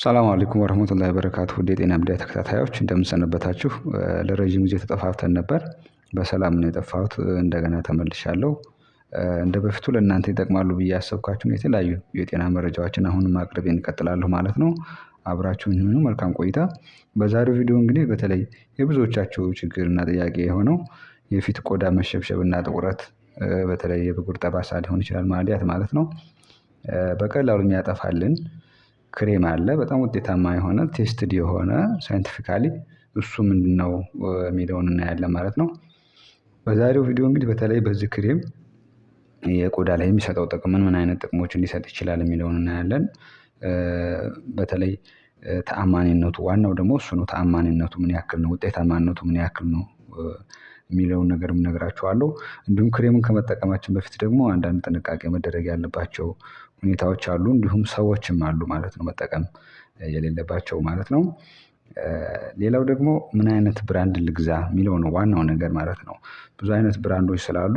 ሰላም አለይኩም ወረህመቱላሂ በረካቱ ውድ የጤና ሚዲያ ተከታታዮች እንደምንሰነበታችሁ። ለረዥም ጊዜ ተጠፋፍተን ነበር። በሰላም ነው የጠፋሁት። እንደገና ተመልሻለሁ። እንደ በፊቱ ለእናንተ ይጠቅማሉ ብዬ ያሰብኳችሁን የተለያዩ የጤና መረጃዎችን አሁን ማቅረብ እንቀጥላለሁ ማለት ነው። አብራችሁን ሁኑ። መልካም ቆይታ። በዛሬው ቪዲዮ እንግዲህ በተለይ የብዙዎቻችሁ ችግርና ጥያቄ የሆነው የፊት ቆዳ መሸብሸብና ጥቁረት በተለይ የብጉር ጠባሳ ሊሆን ይችላል ማድያት ማለት ነው በቀላሉ የሚያጠፋልን ክሬም አለ። በጣም ውጤታማ የሆነ ቴስትድ የሆነ ሳይንቲፊካሊ እሱ ምንድን ነው የሚለውን እናያለን ማለት ነው። በዛሬው ቪዲዮ እንግዲህ በተለይ በዚህ ክሬም የቆዳ ላይ የሚሰጠው ጥቅም ምን ምን አይነት ጥቅሞችን ሊሰጥ ይችላል የሚለውን እናያለን። በተለይ ተአማኒነቱ ዋናው ደግሞ እሱ ነው። ተአማኒነቱ ምን ያክል ነው? ውጤታማነቱ ምን ያክል ነው? የሚለውን ነገርም እነግራችኋለሁ። እንዲሁም ክሬምን ከመጠቀማችን በፊት ደግሞ አንዳንድ ጥንቃቄ መደረግ ያለባቸው ሁኔታዎች አሉ። እንዲሁም ሰዎችም አሉ ማለት ነው መጠቀም የሌለባቸው ማለት ነው። ሌላው ደግሞ ምን አይነት ብራንድ ልግዛ የሚለው ነው ዋናው ነገር ማለት ነው። ብዙ አይነት ብራንዶች ስላሉ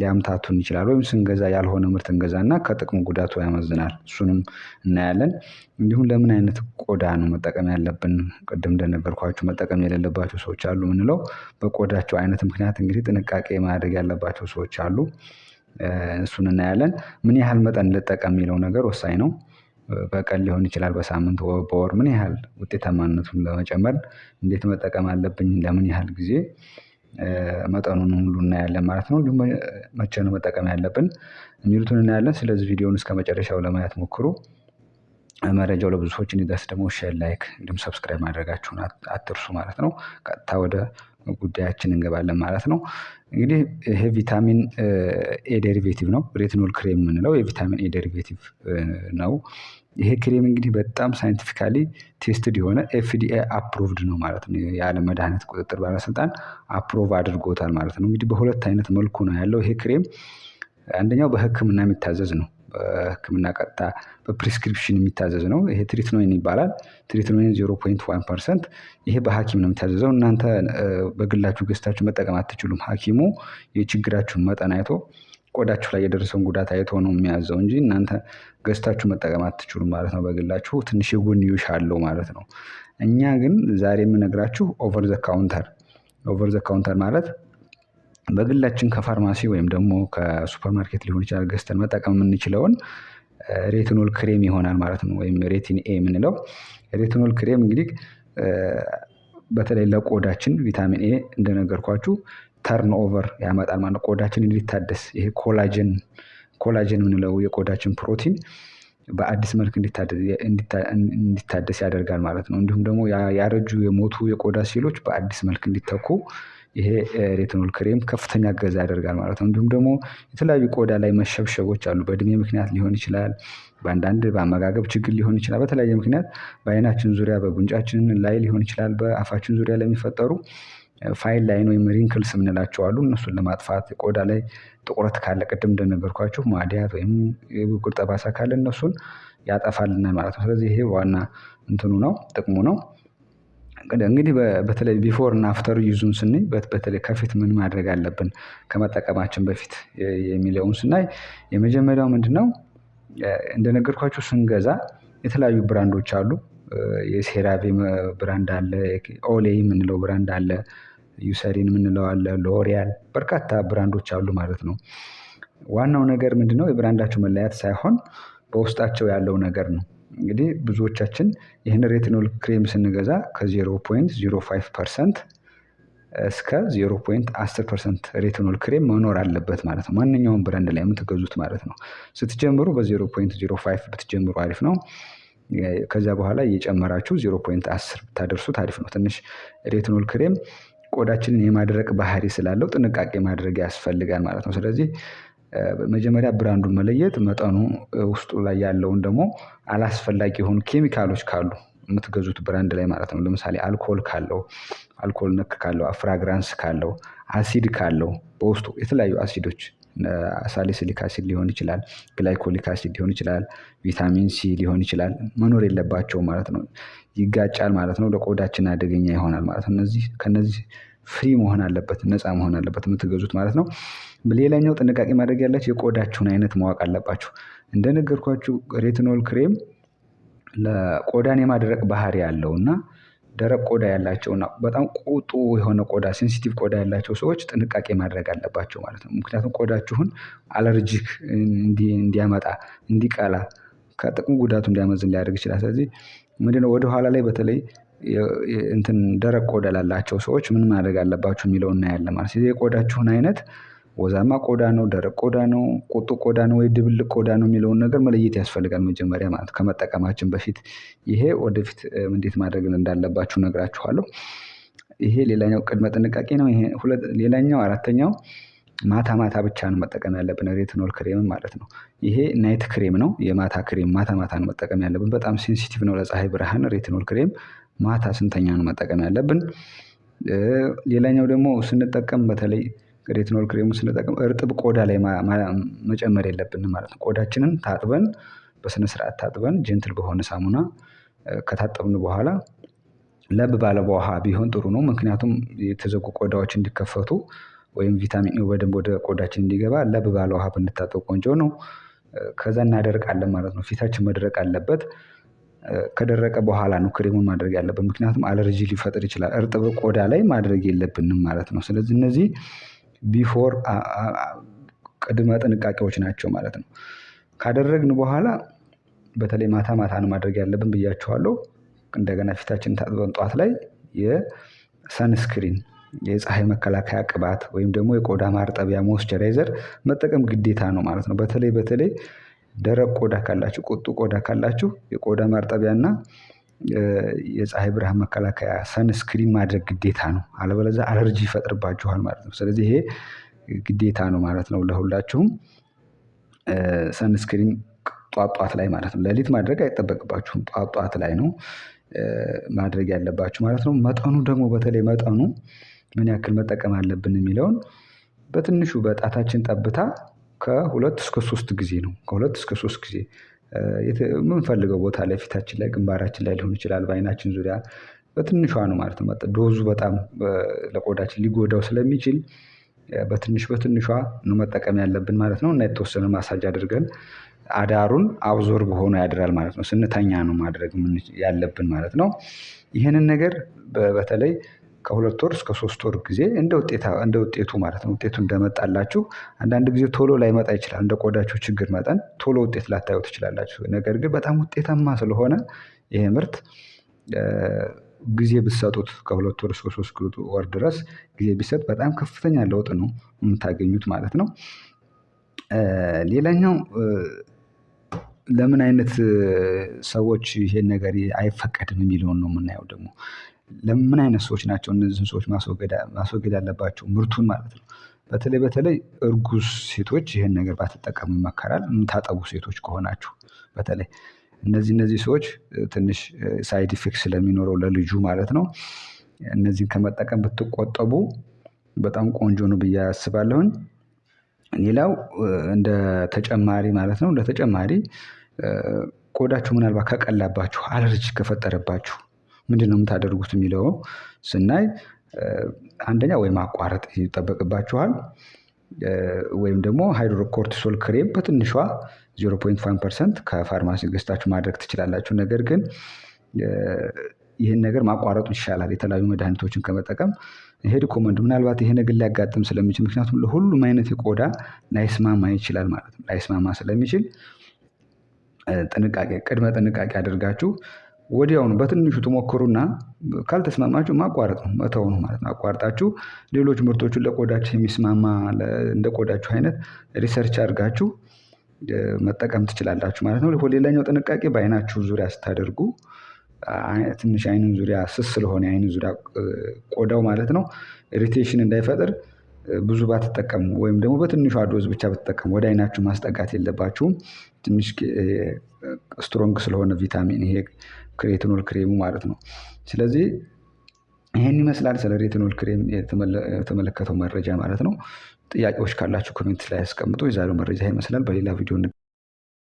ሊያምታቱን ይችላል። ወይም ስንገዛ ያልሆነ ምርት እንገዛና ከጥቅሙ ጉዳቱ ያመዝናል። እሱንም እናያለን። እንዲሁም ለምን አይነት ቆዳ ነው መጠቀም ያለብን? ቅድም እንደነገርኳችሁ መጠቀም የሌለባቸው ሰዎች አሉ የምንለው በቆዳቸው አይነት ምክንያት እንግዲህ ጥንቃቄ ማድረግ ያለባቸው ሰዎች አሉ። እሱን እናያለን። ምን ያህል መጠን ልጠቀም የሚለው ነገር ወሳኝ ነው። በቀን ሊሆን ይችላል በሳምንት በወር ምን ያህል ውጤታማነቱን ለመጨመር እንዴት መጠቀም አለብኝ? ለምን ያህል ጊዜ መጠኑን ሁሉ እናያለን ማለት ነው። እንዲሁም መቼ ነው መጠቀም ያለብን የሚሉትን እናያለን። ስለዚህ ቪዲዮን እስከ መጨረሻው ለማየት ሞክሩ። መረጃው ለብዙ ሰዎች እንዲደርስ ደግሞ ሼር፣ ላይክ እንዲሁም ሰብስክራይብ ማድረጋችሁን አትርሱ ማለት ነው። ቀጥታ ወደ ጉዳያችን እንገባለን ማለት ነው። እንግዲህ ይሄ ቪታሚን ኤ ዴሪቬቲቭ ነው። ሬትኖል ክሬም የምንለው የቪታሚን ኤ ዴሪቬቲቭ ነው። ይሄ ክሬም እንግዲህ በጣም ሳይንቲፊካሊ ቴስትድ የሆነ ኤፍዲኤ አፕሮቭድ ነው ማለት ነው። የዓለም መድኃኒት ቁጥጥር ባለስልጣን አፕሮቭ አድርጎታል ማለት ነው። እንግዲህ በሁለት አይነት መልኩ ነው ያለው ይሄ ክሬም። አንደኛው በሕክምና የሚታዘዝ ነው። በሕክምና ቀጥታ በፕሪስክሪፕሽን የሚታዘዝ ነው። ይሄ ትሪትኖይን ይባላል። ትሪትኖይን ዋን ፐርሰንት። ይሄ በሐኪም ነው የሚታዘዘው። እናንተ በግላችሁ ገዝታችሁ መጠቀም አትችሉም። ሐኪሙ የችግራችሁን መጠን አይቶ ቆዳችሁ ላይ የደረሰውን ጉዳት አይቶ ነው የሚያዘው እንጂ እናንተ ገዝታችሁ መጠቀም አትችሉም ማለት ነው። በግላችሁ ትንሽ የጎንዮሽ አለው ማለት ነው። እኛ ግን ዛሬ የምነግራችሁ ኦቨር ዘ ካውንተር ኦቨር ዘ ካውንተር ማለት በግላችን ከፋርማሲ ወይም ደግሞ ከሱፐርማርኬት ሊሆን ይችላል ገዝተን መጠቀም የምንችለውን ሬቲኖል ክሬም ይሆናል ማለት ነው። ወይም ሬቲን ኤ የምንለው ሬቲኖል ክሬም እንግዲህ በተለይ ለቆዳችን ቪታሚን ኤ እንደነገርኳችሁ ተርን ኦቨር ያመጣል ማለት ቆዳችን እንዲታደስ ይሄ ኮላጅን ኮላጅን የምንለው የቆዳችን ፕሮቲን በአዲስ መልክ እንዲታደስ ያደርጋል ማለት ነው። እንዲሁም ደግሞ ያረጁ የሞቱ የቆዳ ሴሎች በአዲስ መልክ እንዲተኩ ይሄ ሬትኖል ክሬም ከፍተኛ እገዛ ያደርጋል ማለት ነው። እንዲሁም ደግሞ የተለያዩ ቆዳ ላይ መሸብሸቦች አሉ በእድሜ ምክንያት ሊሆን ይችላል። በአንዳንድ በአመጋገብ ችግር ሊሆን ይችላል በተለያየ ምክንያት በአይናችን ዙሪያ በጉንጫችን ላይ ሊሆን ይችላል በአፋችን ዙሪያ ለሚፈጠሩ ፋይል ላይን ወይም ሪንክልስ የምንላቸው አሉ። እነሱን ለማጥፋት ቆዳ ላይ ጥቁረት ካለ ቅድም እንደነገርኳችሁ ማዲያት ወይም የብጉር ጠባሳ ካለ እነሱን ያጠፋልናል ማለት ነው። ስለዚህ ይሄ ዋና እንትኑ ነው ጥቅሙ ነው። እንግዲህ በተለይ ቢፎር እና አፍተር ዩዙን ስናይ በተለይ ከፊት ምን ማድረግ አለብን ከመጠቀማችን በፊት የሚለውን ስናይ የመጀመሪያው ምንድነው? እንደነገርኳችሁ ስንገዛ የተለያዩ ብራንዶች አሉ የሴራቬ ብራንድ አለ፣ ኦሌ የምንለው ብራንድ አለ፣ ዩሰሪን የምንለው አለ፣ ሎሪያል በርካታ ብራንዶች አሉ ማለት ነው። ዋናው ነገር ምንድነው? የብራንዳቸው መለያት ሳይሆን በውስጣቸው ያለው ነገር ነው። እንግዲህ ብዙዎቻችን ይህን ሬትኖል ክሬም ስንገዛ ከ0.05 ፐርሰንት እስከ 0.10 ፐርሰንት ሬትኖል ክሬም መኖር አለበት ማለት ነው። ማንኛውም ብራንድ ላይ የምትገዙት ማለት ነው። ስትጀምሩ በ0.05 ብትጀምሩ አሪፍ ነው። ከዚያ በኋላ እየጨመራችሁ 0.10 ብታደርሱ አሪፍ ነው። ትንሽ ሬትኖል ክሬም ቆዳችንን የማድረቅ ባህሪ ስላለው ጥንቃቄ ማድረግ ያስፈልጋል ማለት ነው። ስለዚህ መጀመሪያ ብራንዱን መለየት፣ መጠኑ ውስጡ ላይ ያለውን ደግሞ አላስፈላጊ የሆኑ ኬሚካሎች ካሉ የምትገዙት ብራንድ ላይ ማለት ነው። ለምሳሌ አልኮል ካለው አልኮል ነክ ካለው ፍራግራንስ ካለው አሲድ ካለው በውስጡ የተለያዩ አሲዶች ሳሊሲሊክ አሲድ ሊሆን ይችላል፣ ግላይኮሊክ አሲድ ሊሆን ይችላል፣ ቪታሚን ሲ ሊሆን ይችላል። መኖር የለባቸውም ማለት ነው። ይጋጫል ማለት ነው። ለቆዳችን አደገኛ ይሆናል ማለት ነው። እነዚህ ከነዚህ ፍሪ መሆን አለበት፣ ነፃ መሆን አለበት የምትገዙት ማለት ነው። ሌላኛው ጥንቃቄ ማድረግ ያላችሁ የቆዳችሁን አይነት ማወቅ አለባችሁ። እንደነገርኳችሁ ሬትኖል ክሬም ለቆዳን የማድረቅ ባህሪ ያለው እና ደረቅ ቆዳ ያላቸውና በጣም ቁጡ የሆነ ቆዳ ሴንሲቲቭ ቆዳ ያላቸው ሰዎች ጥንቃቄ ማድረግ አለባቸው ማለት ነው። ምክንያቱም ቆዳችሁን አለርጂክ እንዲያመጣ እንዲቀላ ከጥቅሙ ጉዳቱ እንዲያመዝን ሊያደርግ ይችላል። ስለዚህ ምንድነው ወደኋላ ላይ በተለይ እንትን ደረቅ ቆዳ ላላቸው ሰዎች ምን ማድረግ አለባቸው የሚለው እናያለን ማለት ስለዚህ የቆዳችሁን አይነት ወዛማ ቆዳ ነው፣ ደረቅ ቆዳ ነው፣ ቁጡ ቆዳ ነው ወይ ድብልቅ ቆዳ ነው የሚለውን ነገር መለየት ያስፈልጋል። መጀመሪያ ማለት ከመጠቀማችን በፊት ይሄ ወደፊት እንዴት ማድረግ እንዳለባችሁ ነግራችኋለሁ። ይሄ ሌላኛው ቅድመ ጥንቃቄ ነው። ይሄ ሌላኛው አራተኛው ማታ ማታ ብቻ ነው መጠቀም ያለብን ሬትኖል ክሬም ማለት ነው። ይሄ ናይት ክሬም ነው፣ የማታ ክሬም ማታ ማታ ነው መጠቀም ያለብን። በጣም ሴንሲቲቭ ነው ለፀሐይ ብርሃን። ሬትኖል ክሬም ማታ ስንተኛ ነው መጠቀም ያለብን። ሌላኛው ደግሞ ስንጠቀም በተለይ ሬትኖል ክሬሙ ስንጠቀም እርጥብ ቆዳ ላይ መጨመር የለብን ማለት ነው። ቆዳችንን ታጥበን በስነ ስርዓት ታጥበን ጀንትል በሆነ ሳሙና ከታጠብን በኋላ ለብ ባለ ውሃ ቢሆን ጥሩ ነው። ምክንያቱም የተዘጉ ቆዳዎች እንዲከፈቱ ወይም ቪታሚን ኤው በደንብ ወደ ቆዳችን እንዲገባ ለብ ባለ ውሃ ብንታጠብ ቆንጆ ነው። ከዛ እናደርቃለን ማለት ነው። ፊታችን መድረቅ አለበት። ከደረቀ በኋላ ነው ክሬሙን ማድረግ ያለብን። ምክንያቱም አለርጂ ሊፈጥር ይችላል። እርጥብ ቆዳ ላይ ማድረግ የለብንም ማለት ነው። ስለዚህ እነዚህ ቢፎር ቅድመ ጥንቃቄዎች ናቸው ማለት ነው። ካደረግን በኋላ በተለይ ማታ ማታ ነው ማድረግ ያለብን ብያችኋለሁ። እንደገና ፊታችን ታጥበን ጠዋት ላይ የሰንስክሪን የፀሐይ መከላከያ ቅባት ወይም ደግሞ የቆዳ ማርጠቢያ ሞስቸራይዘር መጠቀም ግዴታ ነው ማለት ነው። በተለይ በተለይ ደረቅ ቆዳ ካላችሁ ቁጡ ቆዳ ካላችሁ የቆዳ ማርጠቢያና የፀሐይ ብርሃን መከላከያ ሰንስክሪን ማድረግ ግዴታ ነው። አለበለዛ አለርጂ ይፈጥርባችኋል ማለት ነው። ስለዚህ ይሄ ግዴታ ነው ማለት ነው። ለሁላችሁም ሰንስክሪን ጧጧት ላይ ማለት ነው። ሌሊት ማድረግ አይጠበቅባችሁም ጧጧት ላይ ነው ማድረግ ያለባችሁ ማለት ነው። መጠኑ ደግሞ በተለይ መጠኑ ምን ያክል መጠቀም አለብን የሚለውን በትንሹ በጣታችን ጠብታ ከሁለት እስከ ሶስት ጊዜ ነው። ከሁለት እስከ ሶስት ጊዜ የምንፈልገው ቦታ ላይ ፊታችን ላይ ግንባራችን ላይ ሊሆን ይችላል በአይናችን ዙሪያ በትንሿ ነው ማለት ነው። ዶዙ በጣም ለቆዳችን ሊጎዳው ስለሚችል በትንሽ በትንሿ ነው መጠቀም ያለብን ማለት ነው። እና የተወሰነ ማሳጅ አድርገን አዳሩን አብዞር ሆኖ ያድራል ማለት ነው። ስንተኛ ነው ማድረግ ያለብን ማለት ነው። ይህንን ነገር በተለይ ከሁለት ወር እስከ ሶስት ወር ጊዜ እንደ እንደ ውጤቱ ማለት ነው። ውጤቱ እንደመጣላችሁ አንዳንድ ጊዜ ቶሎ ላይመጣ ይችላል እንደ ቆዳችሁ ችግር መጠን ቶሎ ውጤት ላታዩ ትችላላችሁ። ነገር ግን በጣም ውጤታማ ስለሆነ ይሄ ምርት ጊዜ ብትሰጡት ከሁለት ወር እስከ ሶስት ወር ድረስ ጊዜ ቢሰጥ በጣም ከፍተኛ ለውጥ ነው የምታገኙት ማለት ነው። ሌላኛው ለምን አይነት ሰዎች ይሄን ነገር አይፈቀድም የሚለውን ነው የምናየው ደግሞ ለምን አይነት ሰዎች ናቸው እነዚህን ሰዎች ማስወገድ ያለባቸው? ምርቱን ማለት ነው። በተለይ በተለይ እርጉዝ ሴቶች ይህን ነገር ባትጠቀሙ ይመከራል። የምታጠቡ ሴቶች ከሆናችሁ በተለይ እነዚህ እነዚህ ሰዎች ትንሽ ሳይድ ኢፌክት ስለሚኖረው ለልጁ ማለት ነው እነዚህን ከመጠቀም ብትቆጠቡ በጣም ቆንጆ ነው ብዬ አስባለሁኝ። ሌላው እንደ ተጨማሪ ማለት ነው እንደ ተጨማሪ ቆዳችሁ ምናልባት ከቀላባችሁ አለርጂ ከፈጠረባችሁ ምንድነው የምታደርጉት የሚለው ስናይ አንደኛ ወይ ማቋረጥ ይጠበቅባችኋል ወይም ደግሞ ሃይድሮኮርቲሶል ክሬም በትንሿ 0.5 ፐርሰንት ከፋርማሲ ገዝታችሁ ማድረግ ትችላላችሁ። ነገር ግን ይህን ነገር ማቋረጡ ይሻላል የተለያዩ መድኃኒቶችን ከመጠቀም። ይሄ ሪኮመንድ ምናልባት ይሄ ነገር ሊያጋጥም ስለሚችል ምክንያቱም ለሁሉም አይነት የቆዳ ላይስማማ ይችላል ማለት ነው። ላይስማማ ስለሚችል ጥንቃቄ ቅድመ ጥንቃቄ አድርጋችሁ ወዲያውኑ በትንሹ ትሞክሩና ካልተስማማችሁ ማቋረጥ ነው መተው ነው ማለት ነው። አቋርጣችሁ ሌሎች ምርቶችን ለቆዳችሁ የሚስማማ እንደ ቆዳችሁ አይነት ሪሰርች አድርጋችሁ መጠቀም ትችላላችሁ ማለት ነው። ሌላኛው ጥንቃቄ በአይናችሁ ዙሪያ ስታደርጉ ትንሽ አይን ዙሪያ ስስ ስለሆነ አይን ዙሪያ ቆዳው ማለት ነው ኢሪቴሽን እንዳይፈጥር ብዙ ባትጠቀሙ ወይም ደግሞ በትንሿ ዶዝ ብቻ ብትጠቀሙ ወደ አይናችሁ ማስጠጋት የለባችሁም። ትንሽ ስትሮንግ ስለሆነ ቪታሚን ይሄ ክሬቲኖል ክሬሙ ማለት ነው። ስለዚህ ይህን ይመስላል ስለ ሬቲኖል ክሬም የተመለከተው መረጃ ማለት ነው። ጥያቄዎች ካላችሁ ኮሜንት ላይ ያስቀምጡ። የዛሬው መረጃ ይመስላል። በሌላ ቪዲዮ